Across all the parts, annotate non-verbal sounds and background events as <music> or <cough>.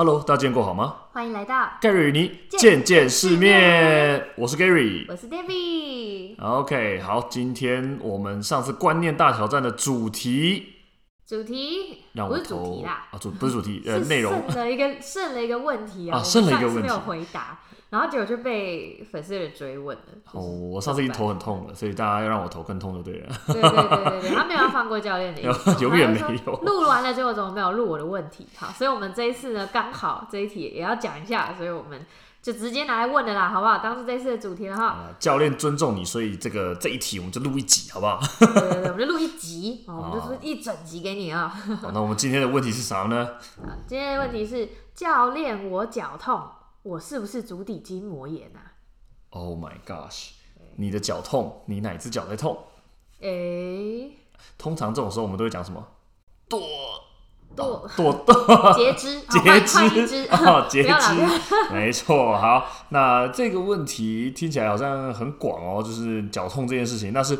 Hello，大家見過好嗎？歡迎來到蓋瑞與你見見世面。我是 Gary，我是 David。OK，好，今天我們上次觀念大挑戰的主題，主題，讓我投不是主題啦、啊，啊，主不是主題，呃，內容剩了一個，剩了一個問題啊，啊剩了一個問題沒有回答。然後結果就被粉絲人追問了，哦、oh，我上次已經頭很痛了，所以大家要讓我頭更痛就對了。對 <laughs> 對對對，他沒有要放過教練你， <laughs> 有遠沒有錄完了，之後怎麼沒有錄我的問題？好，所以我們這一次呢，剛好這一題也要講一下，所以我們就直接拿來問了啦，好不好？當時這一次的主題哈，呃，教練尊重你，所以這個這一題我們就錄一集，好不好？ <laughs> 對對對，我們就錄一集，我們就是一整集給你啊。啊 <laughs> 好，那我們今天的問題是啥呢？啊，今天的問題是，嗯，教練，我腳痛！我是不是足底筋膜炎啊？Oh my gosh！你的腳痛，你哪隻腳在痛？哎、欸，通常這種時候我們都會講什麼？剁剁剁剁，截、啊、肢，截肢，截、哦哦、肢， <laughs> 沒錯。好，那這個問題聽起來好像很廣哦，就是腳痛這件事情。那是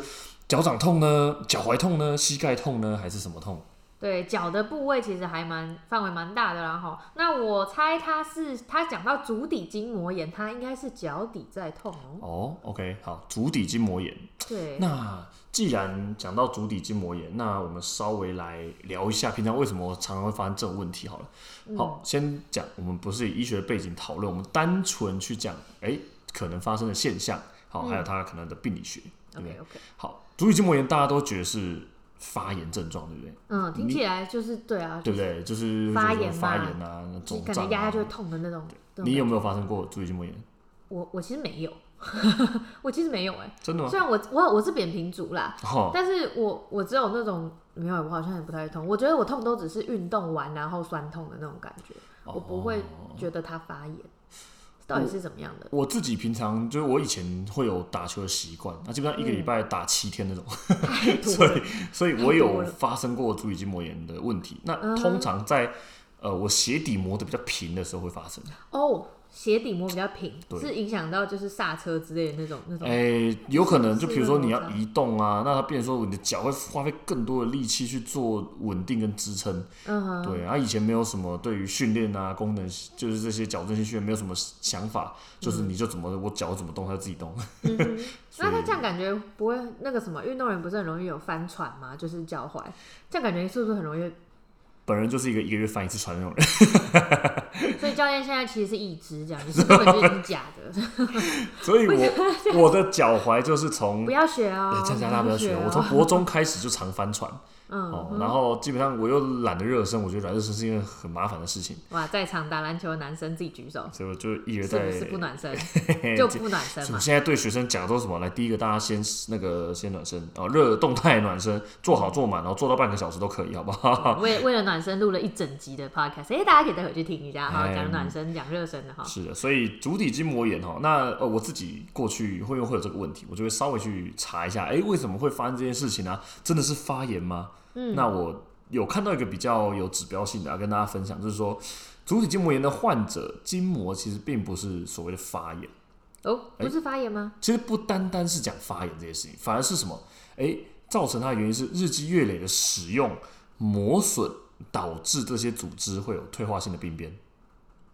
腳掌痛呢？腳踝痛呢？膝蓋痛呢？還是什麼痛？對，腳的部位其實還蠻範圍蠻大的啦，然後那我猜他是他講到足底筋膜炎，他應該是腳底在痛哦。OK，好，足底筋膜炎。對，那既然講到足底筋膜炎，那我們稍微來聊一下平常為什麼常常會發生這種問題好了。嗯、好，先講我們不是以醫學背景討論，我們單純去講哎、欸、可能發生的現象，好，嗯、還有他可能的病理學、嗯。OK OK。好，足底筋膜炎大家都覺得是。發炎症狀對不對？嗯，聽起來就是對啊，就是、對不對，對？就是發炎嘛，發炎啊，那種啊感覺壓下就會痛的那種，那種。你有沒有發生過足底筋膜炎？我我其實沒有， <laughs> 我其實沒有哎、欸，真的嗎？雖然我我我是扁平足啦，oh. 但是我我只有那種沒有，我好像也不太痛。我覺得我痛都只是運動完然後痠痛的那種感覺，oh. 我不會覺得它發炎。到底是怎麼樣的？我我自己平常就是我以前會有打球的習慣，那、嗯啊、基本上一個禮拜打七天那種，嗯、 <laughs> 所以, <laughs> 所以，所以我有發生過足底筋膜炎的問題。嗯、那通常在呃我鞋底磨得比較平的時候會發生、哦鞋底磨比較平，是影響到就是剎車之類的那種那種。哎、欸，有可能就比如說你要移動啊，那它變成說你的腳會花費更多的力氣去做穩定跟支撐、嗯。對啊，以前沒有什麼對於訓練啊、功能，就是這些矯正性訓練沒有什麼想法，嗯、就是你就怎麼我腳怎麼動它就自己動、嗯。 <laughs> 那他這樣感覺不會那個什麼，運動員不是很容易有翻船嗎？就是腳踝，這樣感覺是不是很容易？本人就是一個一個月翻一次船那種人，所以教練現在其實是已知這樣，就是根本就是假的 <laughs> 所以我，我 <laughs> 我的腳踝就是從 <laughs> 不要學啊、哦，嗯、江江大家大家不要學。不要學哦、我從國中開始就常翻船。 <laughs> <laughs> 嗯、哦，然後基本上我又懶得熱身，我覺得暖熱身是一件很麻煩的事情。哇，在場打籃球的男生自己舉手，所以我就一直在是不暖身，嘿嘿就不暖身。我現在對學生講都是什麼？來，第一個大家先那個先暖身啊，熱、哦、動態暖身，做好做滿，然後做到半個小時都可以，好不好？為為了暖身錄了一整集的 podcast，哎、欸，大家可以待會去聽一下哈，講、哦嗯、暖身講熱身的哈、哦。是的，所以足底筋膜炎哈、哦，那呃我自己過去會用會有這個問題，我就會稍微去查一下，哎、欸，為什麼會發生這件事情呢、啊？真的是發炎嗎？嗯、那我有看到一個比較有指標性的、啊，跟大家分享，就是說，足底筋膜炎的患者，筋膜其實並不是所謂的發炎哦，不是發炎嗎、欸？其實不單單是講發炎這件事情，反而是什麼？誒、欸，造成它的原因是日積月累的使用磨損，導致這些組織會有退化性的病變。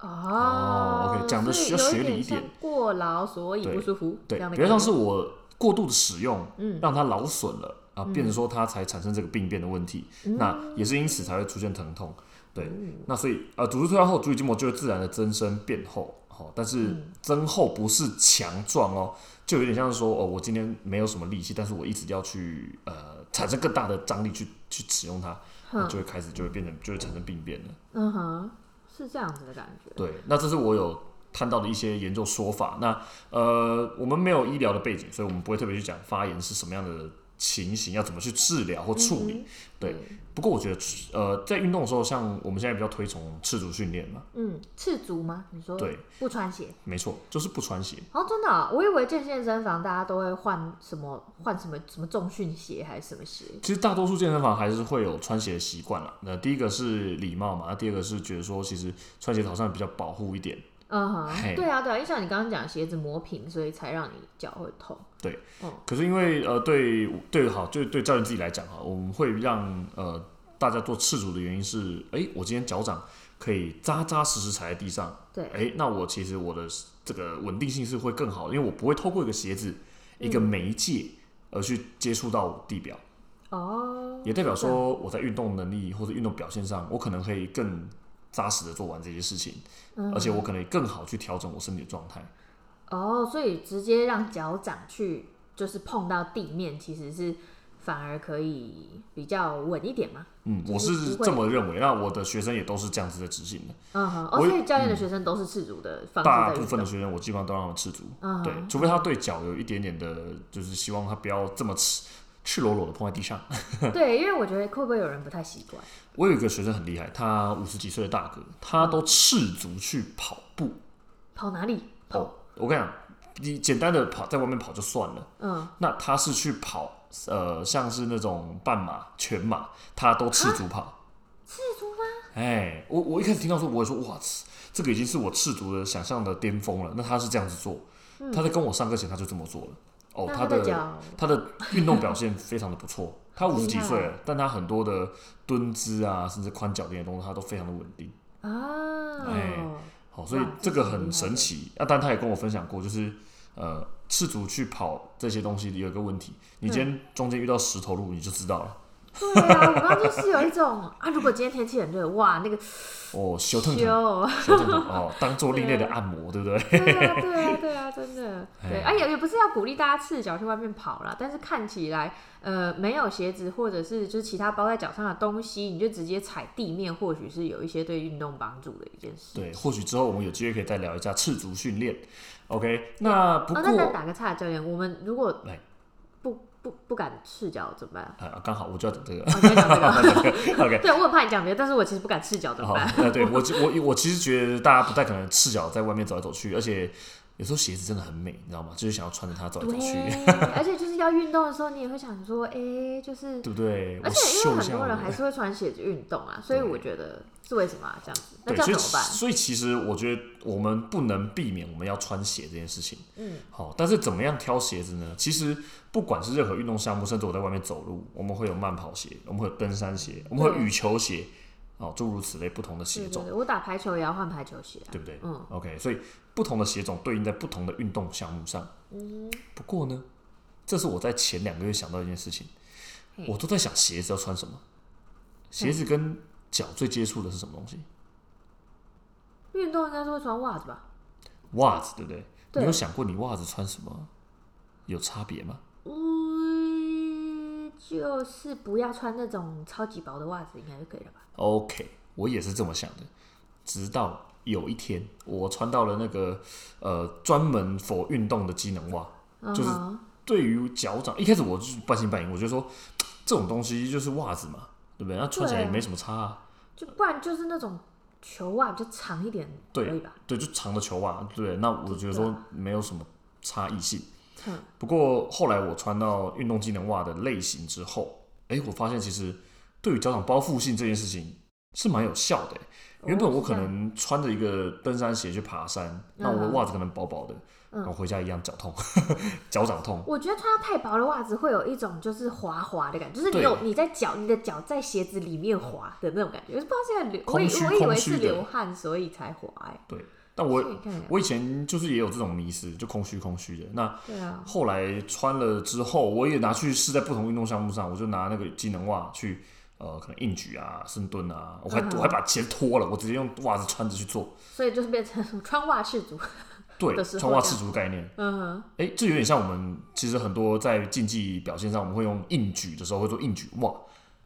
哦，哦，OK，講的需要學理一點，點過勞，所以不舒服，對，對比較像是我過度的使用，嗯，讓它勞損了。啊、呃，變成說它才產生這個病變的問題、嗯，那也是因此才會出現疼痛。對，嗯嗯、那所以呃，組織退化後，足底筋膜就會自然的增生變厚。哦，但是增厚不是強壯哦，就有點像是說哦，我今天沒有什麼力氣，但是我一直要去呃產生更大的張力去去使用它，嗯、就會開始就會變成、嗯、就會產生病變了。嗯哼，是這樣子的感覺。對，那這是我有看到的一些研究說法。那呃，我們沒有醫療的背景，所以我們不會特別去講發炎是什麼樣的情形要怎麼去治療或處理，嗯嗯？對，不過我覺得，呃，在運動的時候，像我們現在比較推崇赤足訓練嘛，嗯，赤足嗎？你說？對，不穿鞋，沒錯，就是不穿鞋。哦，真的啊、哦，我以為健健身房大家都會換什麼換什麼什麼重訓鞋還是什麼鞋。其實大多數健身房還是會有穿鞋的習慣了。那第一個是禮貌嘛，那第二個是覺得說，其實穿鞋好像比較保護一點。嗯哼，對啊，對啊，因為像你剛剛講，鞋子磨平，所以才讓你腳會痛。對，嗯。可是因為呃，對對，好，就對教練自己來講哈，我們會讓呃大家做赤足的原因是，哎，我今天腳掌可以扎扎實實踩在地上。對。哎，那我其實我的這個穩定性是會更好，因為我不會透過一個鞋子、嗯、一個媒介而去接觸到地表。哦，、嗯。也代表說我在運動能力或者運動表現上，我可能可以更扎實的做完這些事情，嗯、而且我可能更好去調整我身體的狀態。哦，所以直接讓腳掌去就是碰到地面，其實是反而可以比較穩一點嘛。嗯，我是這麼認為、嗯。那我的學生也都是這樣子的執行的。嗯哼，而、哦、教練的學生都是赤足的、嗯，大部分的學生我基本上都讓他們赤足、嗯。對，除非他對腳有一點點的，就是希望他不要這麼赤裸裸的碰在地上，對，因為我覺得會不會有人不太習慣？ <laughs> 我有一個學生很厲害，他五十幾歲的大哥，他都赤足去跑步，跑哪裡？跑，哦、我跟你講，你簡單的跑在外面跑就算了，嗯，那他是去跑，呃，像是那種半馬、全馬，他都赤足跑，啊、赤足嗎？哎，我我一開始聽到說，我會說哇，這個已經是我赤足的想象的巔峰了。那他是這樣子做，嗯、他在跟我上課前他就這麼做了。哦，他的他的運動表現非常的不錯。 <laughs> 他五十幾歲了 <laughs> 但他很多的蹲姿啊，甚至寬腳墊的動作，他都非常的穩定。啊、哦哎，好，所以這個很神奇啊。但他也跟我分享過，就是呃，赤足去跑這些東西有一個問題，你今天中間遇到石頭路，你就知道了。嗯 <laughs> 對啊，我剛剛就是有一種啊，如果今天天氣很熱，哇，那個哦，燙燙燙，燙燙 <laughs> 哦，當做另類的按摩，對，對不對？ <laughs> 對啊，對啊，對啊，真的。對，哎、啊、 <laughs> 也也不是要鼓勵大家赤腳去外面跑啦，但是看起來呃沒有鞋子或者是就是其他包在腳上的東西，你就直接踩地面，或許是有一些對運動幫助的一件事。對，或許之後我們有機會可以再聊一下赤足訓練。OK，那不過、哦、但但打個岔，教練，我們如果不不敢赤腳怎麼辦？呃、啊，剛好我就要講這個，o、okay, k、這個、 <laughs> 對 <laughs> 我很怕你講別的，但是我其實不敢赤腳怎麼辦？對，我我我其實覺得大家不太可能赤腳在外面走來走去，而且有時候鞋子真的很美，你知道嗎？就是想要穿着它走來走去，要運動的時候，你也會想說，哎、欸，就是對不對？而且因為很多人還是會穿鞋子運動啊，所以我覺得是為什麼、啊、這樣子？那這樣怎麼辦？所所以其實我覺得我們不能避免我們要穿鞋這件事情。嗯，好，但是怎麼樣挑鞋子呢？其實不管是任何運動項目，甚至我在外面走路，我們會有慢跑鞋，我們會有登山鞋，我們會有羽球鞋，哦，諸如此類不同的鞋種。對對對，我打排球也要換排球鞋，啊，對不對？嗯，OK。所以不同的鞋種對應在不同的運動項目上。嗯，不過呢。這是我在前兩個月想到的一件事情，我都在想鞋子要穿什麼，鞋子跟腳最接觸的是什麼東西？運動應該是會穿襪子吧？襪子對不對？對，你有想過你襪子穿什麼？有差別嗎？嗯，就是不要穿那種超級薄的襪子，應該就可以了吧？OK，我也是這麼想的，直到有一天我穿到了那個呃專門 for 運動的機能襪，就是。Uh-huh. 對於腳掌，一開始我是半信半疑，我就說這種東西就是襪子嘛，對不對？那穿起來也沒什麼差啊，啊。就不然就是那種球襪就長一點，對吧？對，就長的球襪，對，那我覺得說沒有什麼差異性。不過後來我穿到運動機能襪的類型之後，哎、欸，我發現其實對於腳掌包覆性這件事情是蠻有效的、欸。原本我可能穿着一個登山鞋去爬山，那、嗯、我的襪子可能薄薄的，嗯、然後回家一樣腳痛，腳、嗯、 <laughs> 掌痛。我覺得穿太薄的襪子會有一種就是滑滑的感覺，就是你有你在腳，你的腳在鞋子裡面滑的那種感覺。我、嗯、不知道現在流我以我以為是流汗，所以才滑、欸。對，但我以看看我以前就是也有這種迷思，就空虛空虛的。那後來穿了之後，我也拿去試在不同運動項目上，我就拿那個機能襪去。呃，可能硬舉啊，深蹲啊，uh -huh. 我還我還把鞋脫了，我直接用襪子穿着去做，所以就是變成穿襪赤足，對，這穿襪赤足的概念，嗯、uh -huh. 欸，哎，這有點像我們其實很多在競技表現上，我們會用硬舉的時候會做硬舉襪，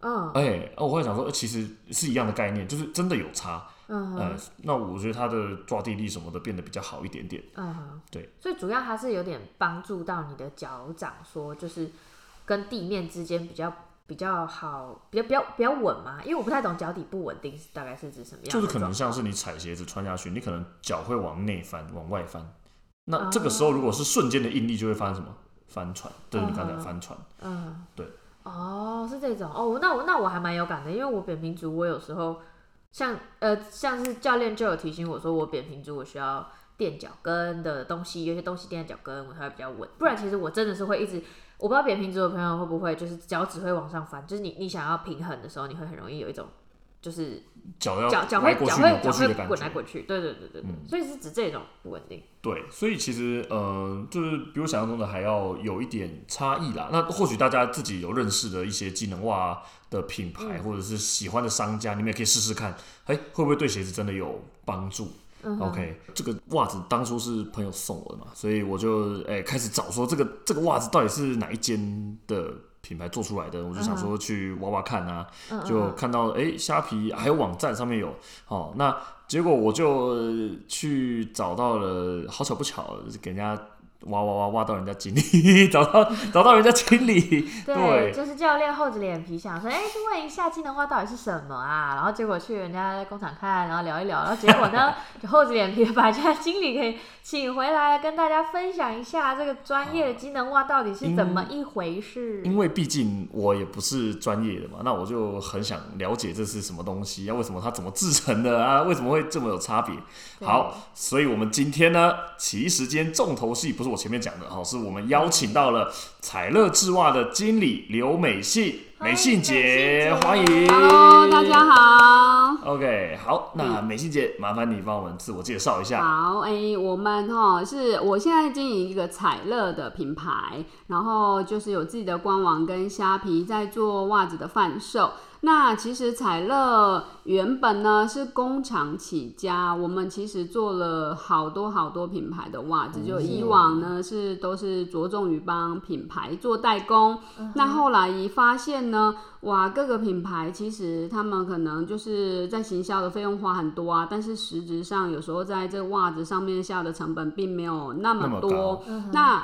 嗯，哎，我會想說，其實是一樣的概念，就是真的有差，嗯、uh -huh. 呃，那我覺得它的抓地力什麼的變得比較好一點點，嗯、uh -huh.，對，所以主要還是有點幫助到你的腳掌，說就是跟地面之間比較。比較好，比較比較比較穩嘛，因為我不太懂腳底不穩定是大概是指什麼樣？就是可能像是你踩鞋子穿下去，你可能腳會往內翻，往外翻，那這個時候如果是瞬間的應力，就會發生什麼翻船，就是你剛才翻船，嗯、uh -huh.，uh -huh. 對，哦、oh,，是這種，哦、oh,，那我那我還蠻有感的，因為我扁平足，我有時候像呃像是教練就有提醒我說，我扁平足，我需要墊腳跟的東西，有些東西墊在腳跟，我才會比較穩，不然其實我真的是會一直。我不知道扁平足的朋友會不會就是腳趾會往上翻，就是你你想要平衡的時候，你會很容易有一種就是腳腳腳會腳會腳會滾來滾去，對對對對對，嗯、所以是指這種不穩定。對，所以其實嗯、呃，就是比我想象中的還要有一點差異啦。那或許大家自己有認識的一些機能襪的品牌、嗯，或者是喜歡的商家，你們也可以試試看，哎、欸，會不會對鞋子真的有幫助？OK，、嗯、這個襪子當初是朋友送我的嘛，所以我就哎、欸、開始找說這個這個襪子到底是哪一間的品牌做出來的，嗯、我就想說去挖挖看啊、嗯，就看到哎、欸、蝦皮還有網站上面有哦，那結果我就去找到了，好巧不巧給人家。挖挖挖挖到人家經理，找到找到人家經理，對，就是教練厚着臉皮想說，哎，去問一下機能襪到底是什麼啊？然後結果去人家工廠看，然後聊一聊，然後結果呢， <laughs> 就厚着臉皮把這家經理給請回來，跟大家分享一下這個專業的機能襪到底是怎麼一回事，啊嗯。因為畢竟我也不是專業的嘛，那我就很想了解這是什麼東西，要，啊、為什麼它怎麼制成的啊？為什麼會這麼有差別？好，所以我們今天呢，其實間重頭戲不是。我前面講的哈，是我們邀請到了采樂製襪的經理劉美杏，嗯美杏，美杏姐，歡迎。Hello，大家好。OK，好，嗯，那美杏姐，麻煩你幫我們自我介紹一下。好，哎、欸，我們哈、哦、是我現在經營一個采樂的品牌，然後就是有自己的官網跟蝦皮，在做襪子的販售。那其實采樂原本呢是工廠起家，我們其實做了好多好多品牌的襪子，就以往呢是都是着重於幫品牌做代工、嗯。那後來一發現呢，哇，各個品牌其實他們可能就是在行銷的費用花很多啊，但是實質上有時候在這襪子上面下的成本並沒有那麼多。那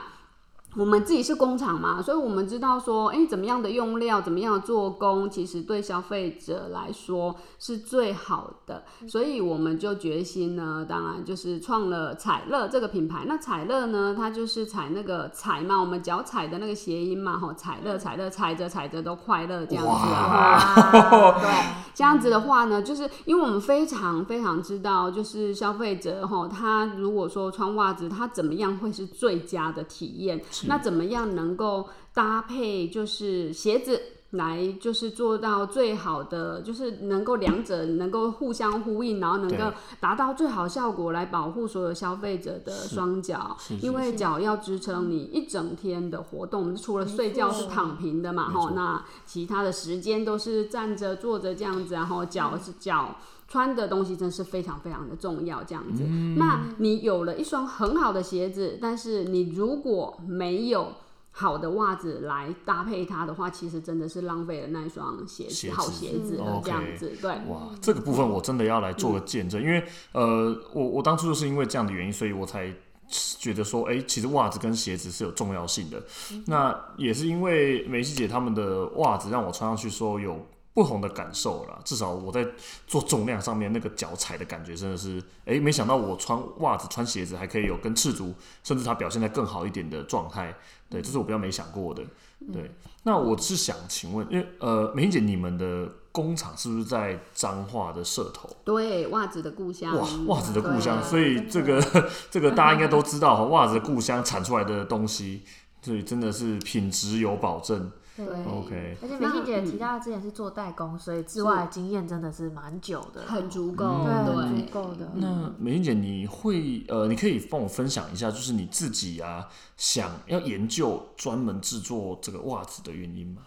我們自己是工廠嘛，所以我們知道說，哎、欸，怎麼樣的用料，怎麼樣的做工，其實對消費者來說是最好的。所以我們就決心呢，當然就是創了采樂這個品牌。那采樂呢，它就是采那個踩嘛，我們腳踩的那個諧音嘛，吼，采樂采樂，踩着踩着都快樂這樣子啊。對， <laughs> 這樣子的話呢，就是因為我們非常非常知道，就是消費者吼、哦，他如果說穿襪子，他怎麼樣會是最佳的體驗。那怎麼樣能夠搭配，就是鞋子。來就是做到最好的，就是能夠兩者能夠互相呼應，然後能夠達到最好效果來保護所有消費者的雙腳，因為腳要支撐你一整天的活動，我們除了睡覺是躺平的嘛，哈、哦，那其他的時間都是站着、坐着這樣子，然後腳是、嗯、腳穿的東西真是非常非常的重要，這樣子、嗯。那你有了一雙很好的鞋子，但是你如果沒有。好的襪子來搭配它的話，其實真的是浪費了那一雙鞋，鞋子、好鞋子的這樣子、嗯嗯。對，哇，這個部分我真的要來做個見證，嗯、因為呃，我我當初就是因為這樣的原因，所以我才覺得說，哎、欸，其實襪子跟鞋子是有重要性的、嗯。那也是因為美杏姐他們的襪子讓我穿上去說有。不同的感受了啦，至少我在做重量上面，那個腳踩的感覺真的是，誒、欸，沒想到我穿襪子、穿鞋子還可以有跟赤足，甚至它表現得更好一點的狀態。對，這是我比較沒想過的。對，那我是想請問，因為呃，美杏姐，你們的工廠是不是在彰化的社頭？對，襪子的故鄉。哇，襪子的故鄉，所以這個 <laughs> 這個大家應該都知道哈，襪子的故鄉產出來的東西，所以真的是品質有保證。對，okay, 而且美杏姐提到之前是做代工，嗯、所以之外的經驗真的是蠻久的，很足夠，對，很足夠的。那美杏姐，你會呃，你可以幫我分享一下，就是你自己啊，想要研究專門製作這個襪子的原因嗎？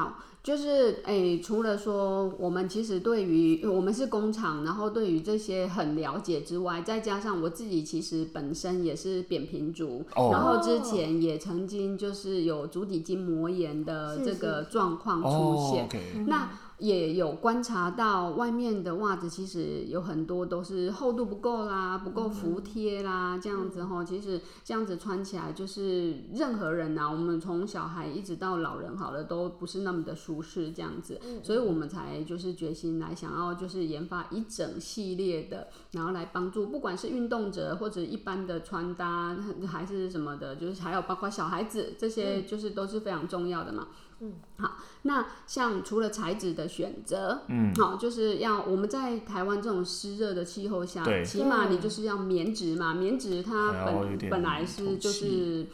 好。就是誒，除了說我們其實對於我們是工廠，然後對於這些很了解之外，再加上我自己其實本身也是扁平足，oh. 然後之前也曾經就是有足底筋膜炎的這個狀況出現，那，oh. oh. Okay. 也有觀察到，外面的襪子其實有很多都是厚度不夠啦，不夠服帖啦，這樣子齁。其實這樣子穿起來，就是任何人吶、啊，我們從小孩一直到老人，好了，都不是那麼的舒適，這樣子。所以我們才就是決心來想要就是研發一整系列的，然後來幫助，不管是運動者或者一般的穿搭還是什麼的，就是還有包括小孩子這些，就是都是非常重要的嘛。嗯，好，那像除了材質的選擇，嗯，好，就是要我們在台灣這種濕熱的氣候下，對，起碼你就是要棉質嘛，棉、嗯、質它本、哎、本來是就是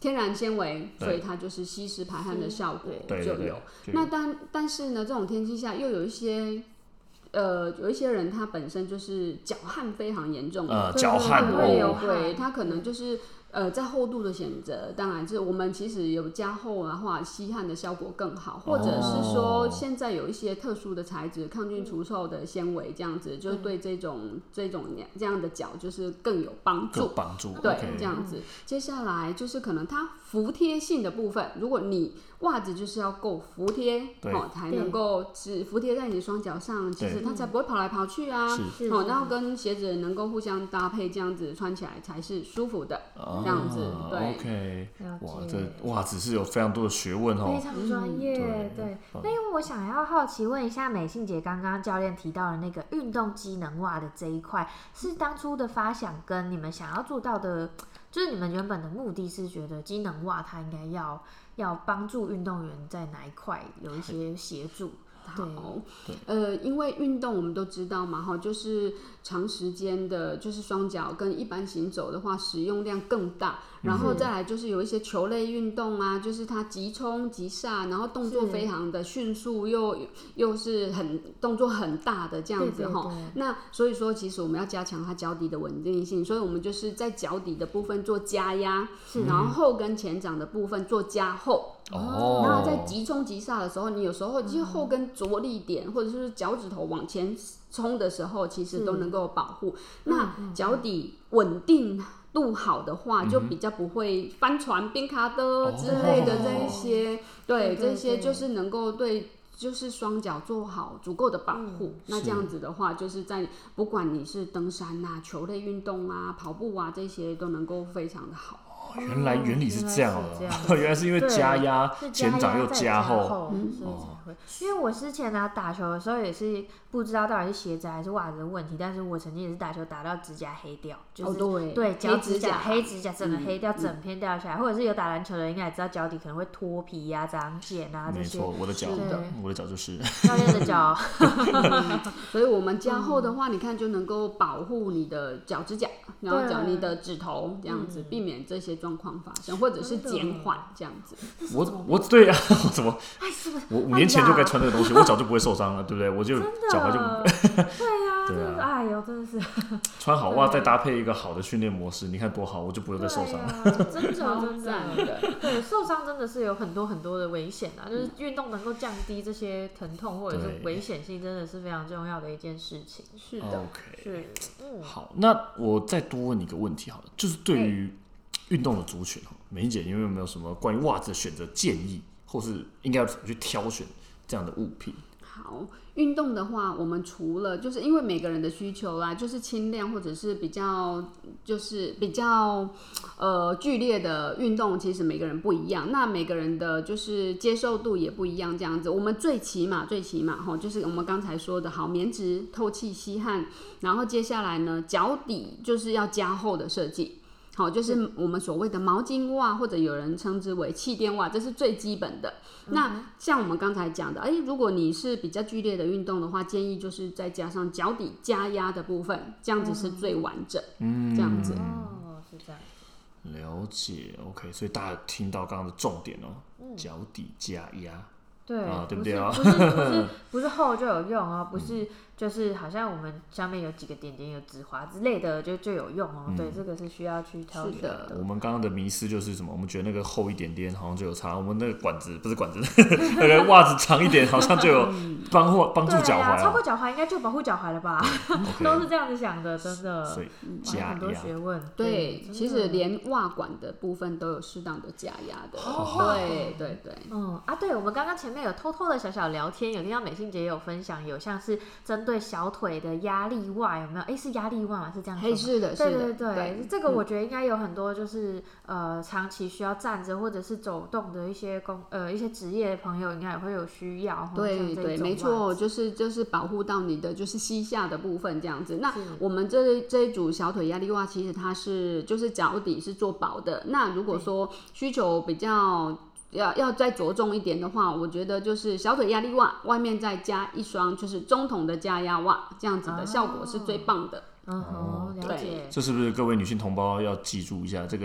天然纖維，所以它就是吸濕排汗的效果就有。那但但是呢，這種天氣下又有一些，呃，有一些人他本身就是腳汗非常嚴重、呃，對對對對、哦、對，他可能就是。呃，在厚度的選擇，當然就是我們其實有加厚的話，吸汗的效果更好，或者是說現在有一些特殊的材質，抗菌除臭的纖維、嗯，這樣子就是對這種這種這樣的腳就是更有幫助。更幫助對、okay.，這樣子。接下來就是可能它服貼性的部分，如果你。襪子就是要夠服帖，哦，才能夠只服帖在你的雙腳上，其實它才不會跑來跑去啊，嗯、哦，然後跟鞋子能夠互相搭配，這樣子穿起來才是舒服的，啊，這樣子。啊，對，哇這襪子是有非常多的學問哦，非常專業。嗯、對對，嗯。那因為我想要好奇問一下，美杏姐剛剛教練提到的那個運動機能襪的這一塊，是當初的發想跟你們想要做到的？就是你們原本的目的是覺得機能襪它應該要要幫助運動員在哪一塊有一些協助。好，呃，因為運動我們都知道嘛，哈，就是長時間的，就是雙腳跟一般行走的話，使用量更大。然後再來就是有一些球類運動啊，嗯、就是它急衝急剎，然後動作非常的迅速，又又是很動作很大的這樣子哈。那所以說，其實我們要加強它腳底的穩定性，所以我們就是在腳底的部分做加壓，然後後跟前掌的部分做加厚。哦、oh, oh,，那在急衝急剎的時候，你有時候就後跟着力點，mm -hmm. 或者是腳趾頭往前衝的時候，其實都能夠保護。那腳底穩定度好的話，mm -hmm. 就比較不會翻船、冰卡的之類的這一些。Oh. 對，okay, 這些就是能夠對，就是雙腳做好足夠的保護。Mm -hmm. 那這樣子的話，就是在不管你是登山啊、球類運動啊、跑步啊這些，都能夠非常的好。原來原理是這樣哦、啊，嗯、原來是這樣子 <laughs> 原來是因為加壓，前掌又加厚哦。嗯嗯因為我之前呢、啊、打球的時候也是不知道到底是鞋子還是襪子的問題，但是我曾經也是打球打到指甲黑掉，就是、oh, 對腳指甲黑指甲,、啊、黑指甲整個黑掉、嗯、整片掉下來，嗯、或者是有打籃球的人應該也知道腳底可能會脫皮呀、啊、長繭啊這些。沒錯，我的腳，我的腳就是教練的腳， <laughs> <laughs> <laughs> 所以我們加厚的話，你看就能夠保護你的腳趾甲，然後腳你的指頭這樣子，啊、避免這些狀況發生、嗯，或者是減緩這樣子。我我對啊，我怎麼、哎、是不是我，我年輕，前就該穿這個東西，我腳就不會受傷了， <laughs> 對不對？我就腳踝就真的， <laughs> 對呀、啊，真的 <laughs> 對、啊、真是，哎呦，真的是 <laughs> 穿好襪，再搭配一個好的訓練模式，你看多好，我就不會再受傷了、啊。真的 <laughs> 真的，真的 <laughs> 對，受傷真的是有很多很多的危險啊！就是運動能夠降低這些疼痛或者是危險性，真的是非常重要的一件事情。是的，okay, 是、嗯。好，那我再多問你一個問題，好了，就是對於運動的族群，美、欸、姐，你有沒有什麼關於襪子的選擇建議，或是應該要怎麼去挑選？這樣的物品。好，運動的話，我們除了就是因為每個人的需求啦，就是輕量或者是比較就是比較呃劇烈的運動，其實每個人不一樣。那每個人的就是接受度也不一樣，這樣子。我們最起碼最起碼齁，就是我們剛才說的好，棉質透氣吸汗。然後接下來呢，腳底就是要加厚的設計。好，就是我們所謂的毛巾襪，或者有人稱之為氣墊襪，這是最基本的。嗯、那像我們剛才講的，哎、欸，如果你是比較劇烈的運動的話，建議就是再加上腳底加壓的部分，這樣子是最完整。嗯，這樣子。嗯、哦，是這樣。了解，OK。所以大家聽到剛剛的重點哦、喔，腳、嗯、底加壓，對啊，對不對啊？不是，不是，不是厚 <laughs> 就有用啊，不是。嗯就是好像我們下面有幾個點點有止滑之類的，就就有用哦、喔嗯。對，這個是需要去挑選的。的我們剛剛的迷思就是什麼？我們覺得那個厚一點點好像就有差，我們那個管子不是管子， <laughs> 那個襪子長一點好像就有幫幫 <laughs> 助腳踝、啊啊，超過腳踝應該就保護腳踝了吧？ <laughs> okay. 都是這樣子想的，真的，所以嗯、很多學問。對，對其實連襪管的部分都有適當的加壓的哦。哦，對對對。嗯、哦、啊，對，我們剛剛前面有偷偷的小小聊天，有聽到美杏姐也有分享，有像是真。對小腿的壓力襪有沒有？哎、欸，是壓力襪嘛？是這樣。嘿，是的，是的，對對對，對，這個我覺得應該有很多，就是呃，長期需要站着或者是走動的一些工呃一些職業的朋友，應該也會有需要。對對，沒錯，就是就是保護到你的就是膝下的部分這樣子。那我們這這一組小腿壓力襪，其實它是就是腳底是做薄的。那如果說需求比較。要要再着重一點的話，我覺得就是小腿壓力襪，外面再加一雙就是中筒的加壓襪，這樣子的效果是最棒的。Oh. 嗯哼，了解，這是不是各位女性同胞要記住一下這個？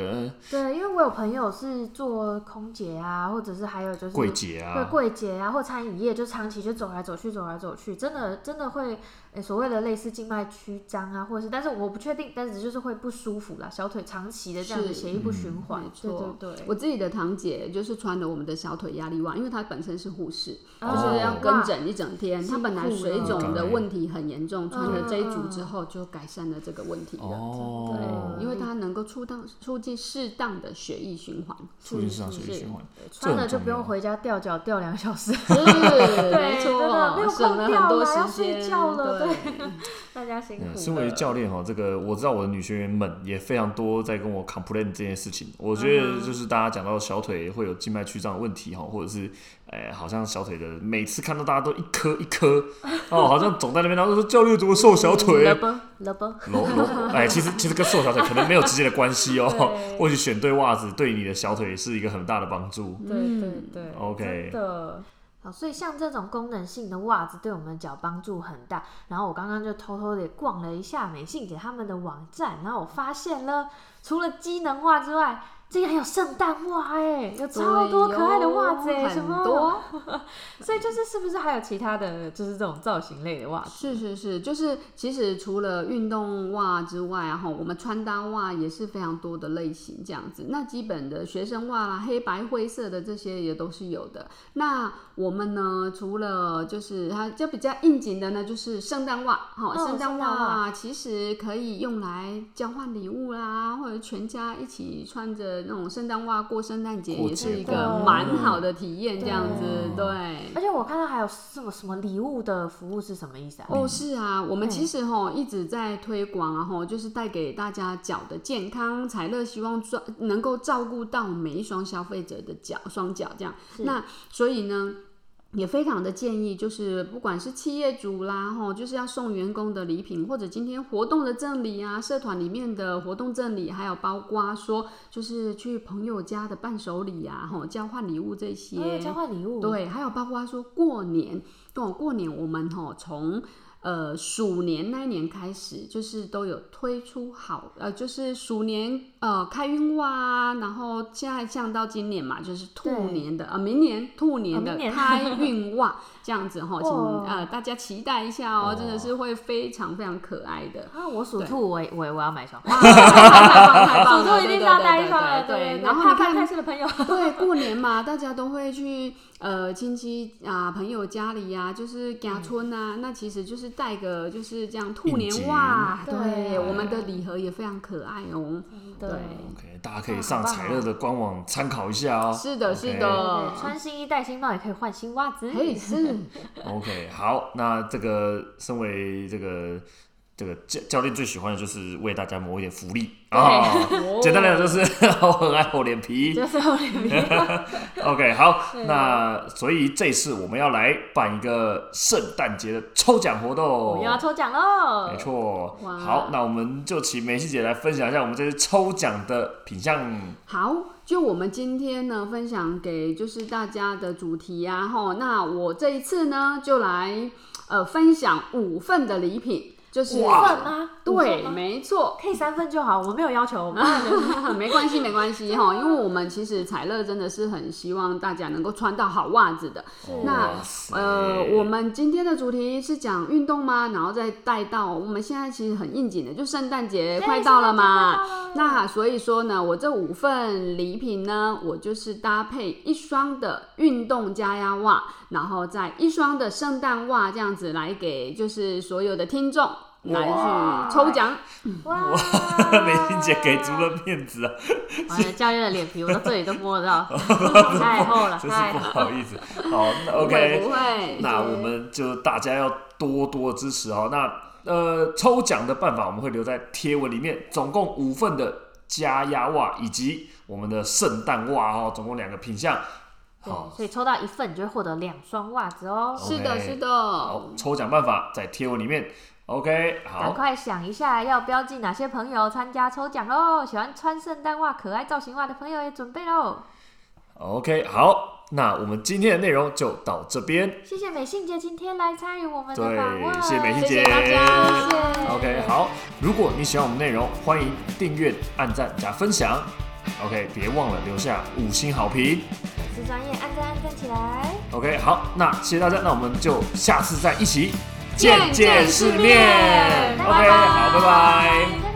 對，因為我有朋友是做空姐啊，或者是還有就是櫃姐啊，對，櫃姐啊，或餐飲業，就長期就走來走去，走來走去，真的真的會、欸、所謂的類似靜脈曲張啊，或者是，但是我不確定，但是就是會不舒服啦，小腿長期的這樣子，血液不循環，沒錯。嗯嗯、對，對，對，我自己的堂姐就是穿了我們的小腿壓力襪，因為她本身是護士，就是要跟診一整天、啊啊，她本來水腫的問題很嚴重、啊，穿了這一組之後就改。三的這個問題的、哦，對，因為它能夠促到促進適當的血液循環，促進適當的血液循環，穿了就不用回家吊腳吊兩小時， <laughs> 對，沒錯啊、喔，又困掉省了很多時間，要睡覺了，對，對大家辛苦、嗯。身為教練哈，這個我知道我的女學員們也非常多在跟我 complain 這件事情，我覺得就是大家講到小腿會有靜脈曲張的問題哈，或者是。哎，好像小腿的，每次看到大家都一顆一顆， <laughs> 哦，好像總在那邊。然後說，教練怎麼瘦小腿？ <laughs> 哎，其實其實跟瘦小腿可能沒有直接的關係哦。 <laughs> 或許選對襪子對你的小腿是一個很大的幫助。對，對對對。OK。真的。好，所以像這種功能性的襪子對我們的腳幫助很大。然後我剛剛就偷偷地逛了一下美杏姐他們的網站，然後我發現了，除了機能襪之外。這裡還有聖誕襪哎，有超多可愛的襪子哎、欸哦，什麼？很多 <laughs> 所以就是是不是還有其他的，就是這種造型類的襪子？是是是，就是其實除了運動襪之外，哈，我們穿搭襪也是非常多的類型。這樣子，那基本的學生襪啦，黑白灰色的這些也都是有的。那我們呢，除了就是它就比較應景的呢，就是聖誕襪吼。聖誕襪啊，其實可以用來交換禮物啦，或者全家一起穿着。那種聖誕襪過聖誕節也是一個蠻好的體驗，這樣子對。而且我看到還有什麼什麼禮物的服務是什麼意思啊、嗯？哦，是啊，我們其實齁一直在推廣啊，齁，就是帶給大家腳的健康。采樂希望專能夠照顧到每一雙消費者的腳雙腳，這樣。那所以呢？也非常的建議，就是不管是企業主啦，吼，就是要送員工的禮品，或者今天活動的贈禮啊，社團裡面的活動贈禮，還有包括說，就是去朋友家的伴手禮啊，吼，交換禮物這些。嗯，交換禮物。對，還有包括說過年，對，過年我們吼從。呃，鼠年那一年開始，就是都有推出好，呃，就是鼠年呃開運襪、啊，然後現在降到今年嘛，就是兔年的啊、呃，明年兔年的開運襪這樣子哈、哦，請呃大家期待一下、喔、哦，真的是會非常非常可愛的啊！我屬兔，我我我要買一雙，屬兔一定要帶一雙，對，然後你開車的朋友， <laughs> 對，過年嘛，大家都會去呃親戚啊、呃、朋友家裡呀、啊，就是家村啊、嗯，那其實就是。帶個就是這樣兔年襪，對，我們的禮盒也非常可愛哦、喔。對，對、嗯、OK，大家可以上采樂的官網參考一下哦、喔啊。是的，okay，是的，okay，穿新衣戴新帽，也可以換新襪子。哎，是。 <laughs> OK，好，那這個身為這個。這個教教練最喜歡的就是為大家謀一點福利啊！哦、 <laughs> 簡單來講就是呵呵很愛厚臉皮，就是厚臉皮。 <laughs> OK，好，那所以這一次我們要來辦一個聖誕節的抽獎活動，我要抽獎嘍！沒錯，好，那我們就請美杏姐來分享一下我們這次抽獎的品項。好，就我們今天呢分享給就是大家的主題啊，吼那我這一次呢就來呃分享五份的禮品。就是、五份啊，對，沒錯，可以三份就好。我沒有要求， <laughs> <laughs> 沒關係，沒關係哈。因為我們其實采樂真的是很希望大家能夠穿到好襪子的。哦、那呃，我們今天的主題是講運動嗎？然後再帶到我們現在其實很應景的，就聖誕節快到了嘛，到了。那所以說呢，我這五份禮品呢，我就是搭配一雙的運動加壓襪，然後再一雙的聖誕襪，這樣子來給就是所有的聽眾拿去抽獎哇！美杏 <laughs> 姐給足了面子啊！完了，教練的臉皮我到這裡都摸得到 <laughs> 太厚了，太厚了，真是不好意思。 <laughs> 好那，OK，不會不會那我們就大家要多多支持哦。那呃，抽獎的辦法我們會留在貼文裡面，總共五份的加壓襪以及我們的聖誕襪哦，總共兩個品項。好，所以抽到一份你就會獲得兩雙襪子哦。是的，okay, 是的。好，抽獎辦法在貼文裡面。OK，好。趕快想一下要標記哪些朋友參加抽獎嘍！喜歡穿聖誕襪、可愛造型襪的朋友也準備嘍。OK，好，那我們今天的內容就到這邊。謝謝美杏姐今天來參與我們的訪問。對，謝謝美杏姐。謝謝大家。OK，好。如果你喜歡我們的內容，歡迎訂閱、按讚、加分享。OK，別忘了留下五星好評。粉絲專頁，按讚按讚起來。OK，好，那謝謝大家，那我們就下次再一起。健健世面，健健世面，OK，拜拜。好，拜拜。拜拜。